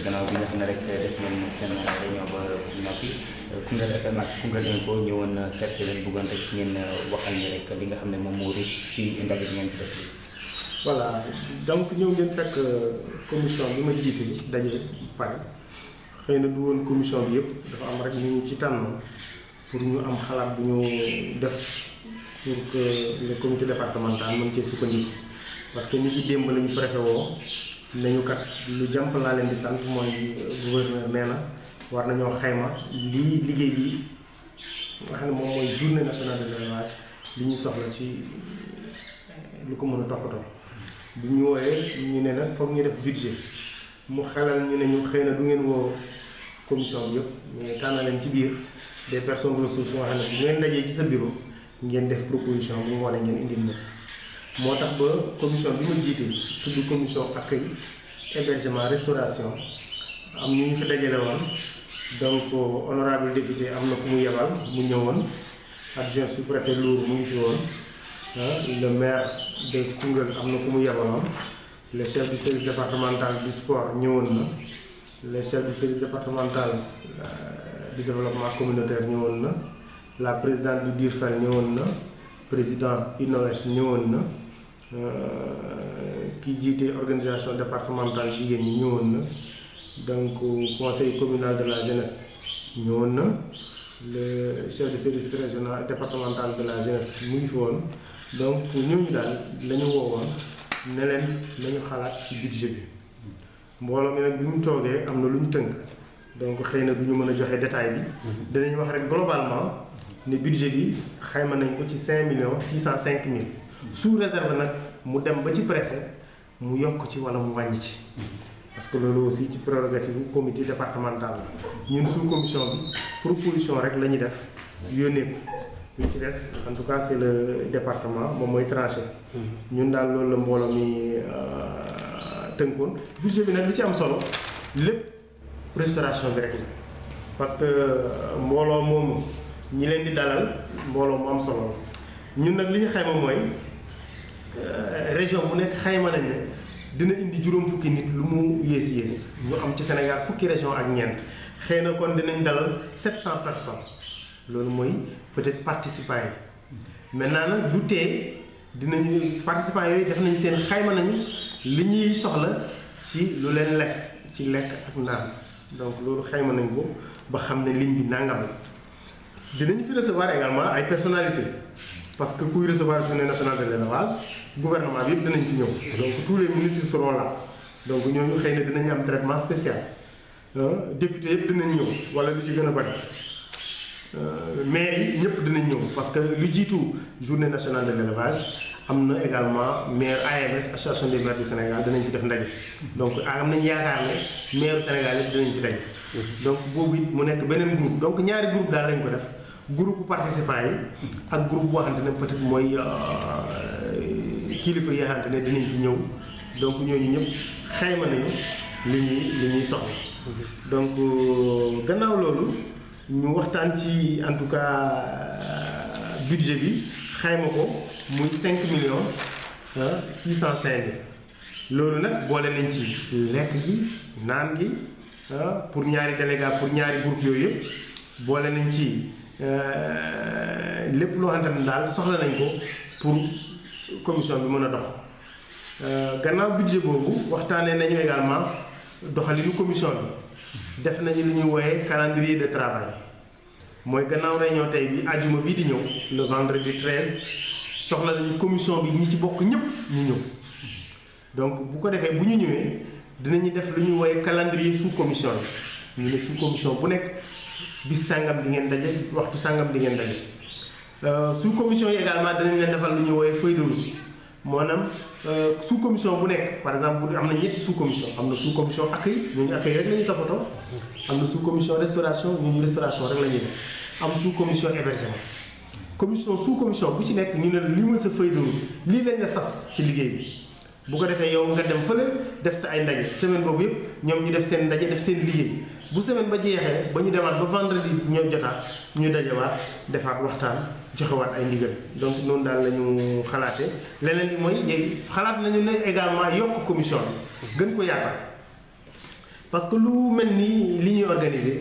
gannaaw bi nga xam ne rek def ngeen seen réunion ba noppi Koungheul FM ak Koungheul Info ñëwoon seet si leen mereka, rek ngeen waxal ñi rek li nga xam ne moom moo riche ci ndaje bi ngeen fi def voilà donc ñëw ngeen fekk commission bi ma jiite daje pare xëy du woon commission bi yëpp dafa am rek ñu ci tànnoon pour ñu am xalaat bu ñu def pour que le comité départemental mën cee sukkandiku parce que ñu ci démb lañu nañu kat lu jàmp laa leen di sant mooy euh, gouverneur nee na war nañoo xayma lii liggéey bi nga xam moom mooy journée nationale de l'élevage li ñuy soxla ci euh, lu ko mën a toppatoo bu ñu wooyee ñu ne nag foog ñu def budget mu xelal ñu ne ñu xëy na du ngeen woo commission yëpp ñu tànn leen ci biir des personne ressources yoo xam ne bu ngeen dajee ci sa bureau ngeen def proposition bu mu wane ngeen indil ñëpp La ba commission bi commission accueil hébergement restauration am ñu fi donc honorable député Amna na ku adjoint sous-préfet Lour ah, le maire de Kungal Amna le chef du service départemental du sport le chef du service départemental euh, du développement communautaire la présidente du DIRFAL Nyon, président INOS Nyon. Euh, ki jiite organisation départementale jigéen ñi ñëwoon na donc conseil communal de la jeunesse ñëwoon na le chef de service régional départemental de la jeunesse mu ngi fi woon donc ñooñu daal la ñu woowoon ne lañu xalaat ci budget bi mbooloo mi nag bi mu toogee am na lu ñu tënk donc xëy na du ñu mën a joxe détail bi dinañ wax rek globalement ne budget bi xayma nañ ko ci cinq millions six cent cinq mille sous réserve nag mu dem ba ci préfet mu yokk ci wala mu wàññi ci parce que loolu aussi ci prérogative comité départemental la ñun sous commission bi proposition rek la ñuy def yónnee ko li ci des en tout cas c'est le département moom mooy tranché mm-hmm. ñun daal loolu la mbooloo mi euh, tënkoon budget bi nag li ci am solo lépp restauration bi rek la parce que euh, mbooloo moom ñi leen di dalal mbooloo mu am solo ñun nag li ñu xayma mooy Euh, région bu nekk xayma nañ dina indi juróom fukki nit lu mu yées yées ñu am ci Sénégal fukki région ak ñeent xëy na kon dinañ dalal 700 personnes loolu mooy peut-être participants yi maintenant nag du tee dinañu participants yooyu def nañ seen xayma nañu li ñuy soxla ci lu leen lekk ci lekk ak naan donc loolu xayma nañ ko ba xam ne ligne bi nangam la dinañu fi recevoir également ay personnalités. parce que kuy recevoir journée nationale de l'élevage gouvernement bi yëpp dinañ ci ñëw donc tous les ministres seront là donc ñooñu xëy na dinañ am traitement spécial euh, Députés yëpp dinañ ñëw wala lu ci gën a bari euh, maire yi ñëpp dinañ ñëw parce que lu jiitu journée nationale de l'élevage am na également maire AMS association des maires du Sénégal dinañ ci def ndaje donc am nañ yaakaar ne maire Sénégal yëpp dinañ ci daje donc boobu it mu nekk beneen groupe donc ñaari groupe daal lañ ko def groupe participants yi ak groupe boo xamante ne peut-être mooy euh, kilifa yi nga xamante dinañ ci ñëw donc ñooñu ñëpp xayma nañu li ñuy li ñuy soxla. donc euh, gannaaw loolu ñu waxtaan ci en tout cas euh, budget bi xayma ko muy 5 millions 605 mille loolu nag boole nañ ci lekk gi naan gi pour ñaari délégat pour ñaari groupe yooyu boole nañ ci. Euh, lépp loo xamante ne daal soxla nañ ko pour commission bi mën a dox euh, gannaaw budget boobu waxtaanee nañu également doxalinu commission bi def nañu lu ñuy wooyee calendrier de travail mooy gannaaw réunion tey bi ajuma bii di ñëw le vendredi 13 soxla nañu commission bi ñi ci bokk ñëpp ñu ñëw donc bu ko defee bu ñu ñëwee dinañu def lu ñuy wooyee calendrier sous commission ñu ne sous commission bu nekk bi sàngam di ngeen daje waxtu sàngam di ngeen daje euh, sous commission yi également danañ leen defal lu ñuy woowee feuille de route maanaam euh, sous commission bu nekk par exemple am na ñetti sous commission am na sous commission accueil ñooñu accueil rek la am na sous commission restauration ñooñu restauration rek la ñuy def am sous commission hébergement commission sous commission bu ci nekk ñu ne li ma sa feuille lii lañ la sas ci liggéey bi bu ko defee yow nga dem fële def sa ay ndaje semaine boobu yëpp ñoom ñu def seen ndaje def seen liggéey bu semaine ba jeexee ba ñu demaat ba vendredi ñëw jotaat ñu dajawaat defaat waxtaan joxewaat ay ndigal donc noonu daal lañu ñu xalaatee leneen li mooy yéen xalaat nañu ne également yokk commission bi gën ko yaatal parce que lu mel nii li ñuy organiser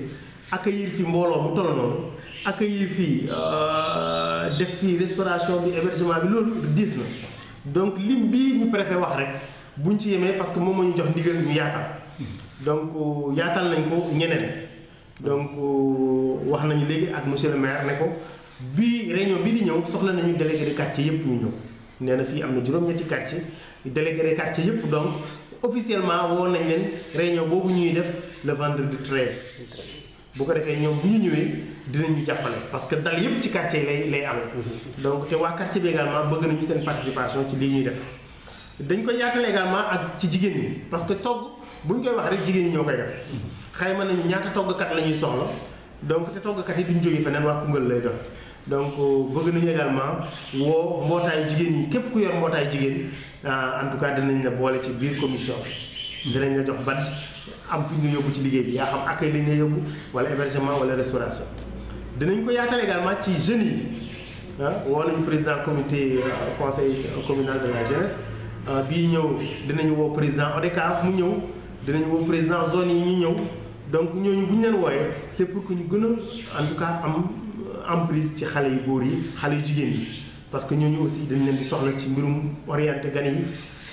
accueillir fi mbooloo mu toll noonu ak accueillir fii euh, def fii restauration bi hébergement bi loolu diis na donc lim bii ñu préfet wax rek buñ ci yemee parce que moom moo ñu jox ndigal ñu yaatal. donc yaatal nañ ko ñeneen donc wax nañu léegi ak monsieur le maire ne ko bii réunion bi di ñëw soxla nañu délégué de quartier yëpp ñu ñëw nee fii am na juróom-ñetti quartier délégué de quartier yëpp donc officiellement woo nañ leen réunion boobu ñuy def le vendredi 13 bu ko defee ñëw bu ñu ñëwee dinañu jàppale parce que dal yëpp ci quartier yi lay lay am donc te waa quartier bi également bëgg nañu seen participation ci lii ñuy def dañ ko yaatal également ak ci jigéen ñi bu ñu koy wax rek jigéen ñi ñoo koy def xayma nañu ñaata toggkat la ñuy soxla donc te toggkat yi duñ jógee feneen waa Koungheul lay doon donc euh, bëgg nañu également woo mbootaayu jigéen ñi képp ku yor mbootaayu jigéen euh, en tout cas dinañ la boole ci biir commission bi. dinañ jox badge am fu ñu yóbbu ci liggéey bi yaa xam accueil lañ la yóbbu wala hébergement wala restauration. dinañ ko yaatal également ci jeunes yi ah woo nañu président comité euh, conseil communal de la ah, bii ñëw dinañ woo président ODCAV mu ñëw. de woo président zone yi ñuy donc ñooñu bu ñu leen wooyee c'est pour que ñu gëna en tout cas am emprise ci xalé yu góor yi xalé yu jigéen yi parce que ñooñu aussi dañ leen di soxla ci mbirum orienté gan yi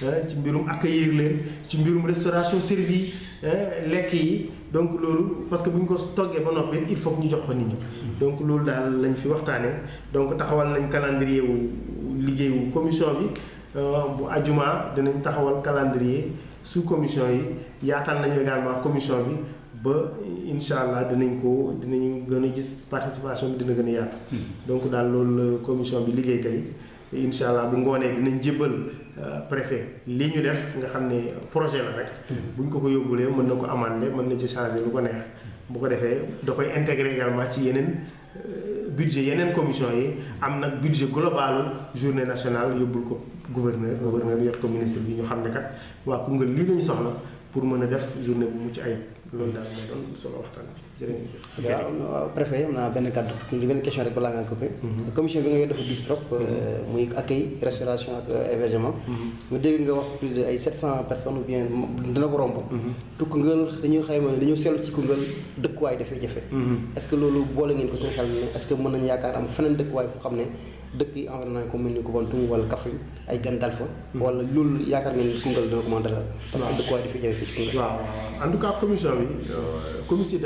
hein, ci mbirum accueillir leen ci mbirum restauration service, hein, lekk yi donc lolu parce que buñ ko toggé ba noppé il faut que ñu jox ko nit ñi donc lolu dal lañ fi waxtané donc taxawal nañ calendrier wu liggéeyu commission bi euh, bu aljuma dinañ taxawal calendrier su commission yi yaatal nañu également commission bi ba incha allah dinañ ko dinañu gën a gis participation bi dina gën a yaatu. Hmm. donc daal loolu la commission bi liggéey tey incha allah bu ngoonee dinañ jébbal euh, préfet lii ñu def nga xam ne projet la rek. Hmm. buñ ko ko yóbbulee mën na ko amandé mën na ci changer lu ko neex. bu ko defee da koy intégrer également ci yeneen. Euh, budget yeneen commission yi am nag budget global journée nationale yóbbul ko gouverneur gouverneur yot ko ministre bi ñu xam ne kat waa nga lii lañu soxla pour mën a def journée bu mucc ayib loolu daal mooy doon solo waxtaan bi jërëjëf waaw préfet am naa benn kàddu ñu benn question rek balaa ngaa coupé. Mhm. commission bi nga yor dafa diis euh, mhm. muy accueil restauration ak euh, hébergement. Mhm. mu dégg nga wax plus de ay 700 personnes ou bien dina ko romb. Koungheul dañuy xayma ne dañoo seetlu ci Koungheul dëkkuwaay dafay jafe. est ko seen ne est ce que dëkk yi environnement ko mel ni Koubantoum wala Kaffrine ay ko mën a dalal. parce que dëkkuwaay dafay commission bi euh, comité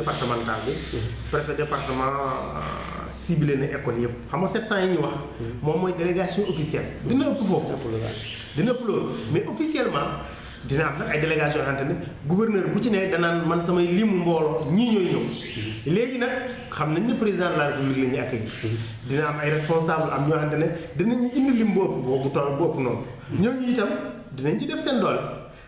départemental bi. préfet département euh, ciblé na école yëpp xam nga 700 yi ñu wax. moom mooy délégation officielle. dina ëpp foofu. dina ëpp loolu mais officiellement dina am nag ay délégation yoo xamante gouverneur bu ci ne danaa man samay limu mbooloo ñii ñooy ñëw. léegi nag xam nañ ne président de la république la ñuy accueilli. dina am ay responsable am ñoo xamante ne dinañ indi lim boobu boobu tool boobu noonu. ñu itam dinañ ci def seen doole.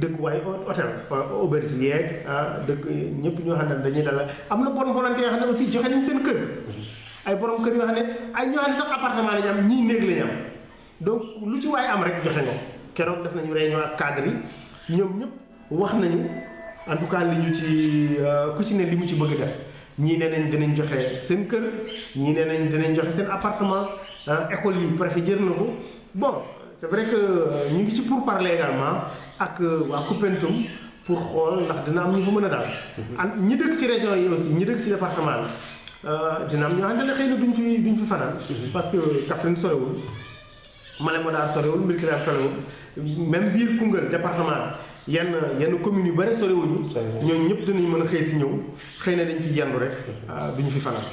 dëkk waaye hôtel auberge yeeg ah, dëkk ñëpp ñoo xam ne dañuy dalal am na borom volonté yoo xam ne aussi joxe nañ seen kër ay borom kër yoo xam ne ay ñoo xam ne sax appartement lañu am ñii néeg lañu donc lu ci waaye am rek joxe nga def nañu réunion ak cadre ñoom ñëpp wax nañu en tout cas li ñu ci euh, ku ci ne li mu ci bëgg def ñii ne nañ dinañ joxe seen kër ñii nee nañ dinañ joxe seen appartement ah, école yi préfet jër na ko bon c'est vrai que euh, ñu ngi ci pour parler également ak euh, waa Koupentoum pour xool ndax dina am ñu fa mën a daal. Mhm. ak ñi dëkk ci région yi aussi ñi dëkk ci département bi euh, dina am ñu àndale xëy na duñ fi duñ fi fanaan. Mhm. parce que Kaffrine sorewul Malem Hodar sorewul Birkelane sorewul même biir Koungheul département yenn yenn communes yu bëri sorewuñu. ñooñu ñëpp dinañ mën a xëy si ñëw xëy na dañ fi yendu rek mhm. duñ fi fanaan.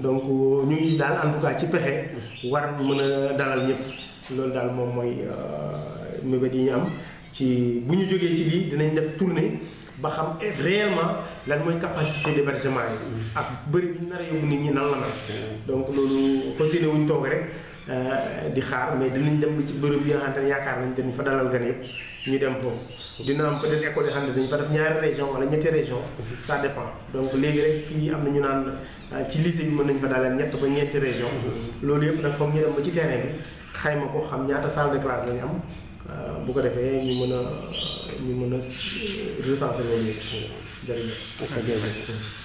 donc ñu ngi daal en tout cas ci pexe war mu mën a dalal ñëpp. loolu daal moom mooy euh, ba yi ñu am ci bu ñu jógee ci lii dinañ def tournée ba xam réellement lan mooy capacité d'hébergement yi. Mm-hmm. ak bëri bi nar a yóbbu nit ñi nan la nag. Mm-hmm. donc loolu fas yéene wuñ toog rek euh, di xaar dem ba ci bërëb yi nga xamante ne yaakaar nañ dañ fa dalal gan yëpp ñu dem foofu. dina am peut-être école yoo xam ne dañ fa def ñaari région wala ñetti région mm-hmm. ça dépend donc léegi rek fii am na ñu naan euh, ci lycée bi mën nañ fa dalal ñett ba ñeenti région loolu yëpp nag foog ñu dem ba ci terrain bi. xayma ko xam ñaata salle de classe la ñu am euh, bu ko defee ñu mën a ñu mën a recenser loolu yëpp jërëjëf.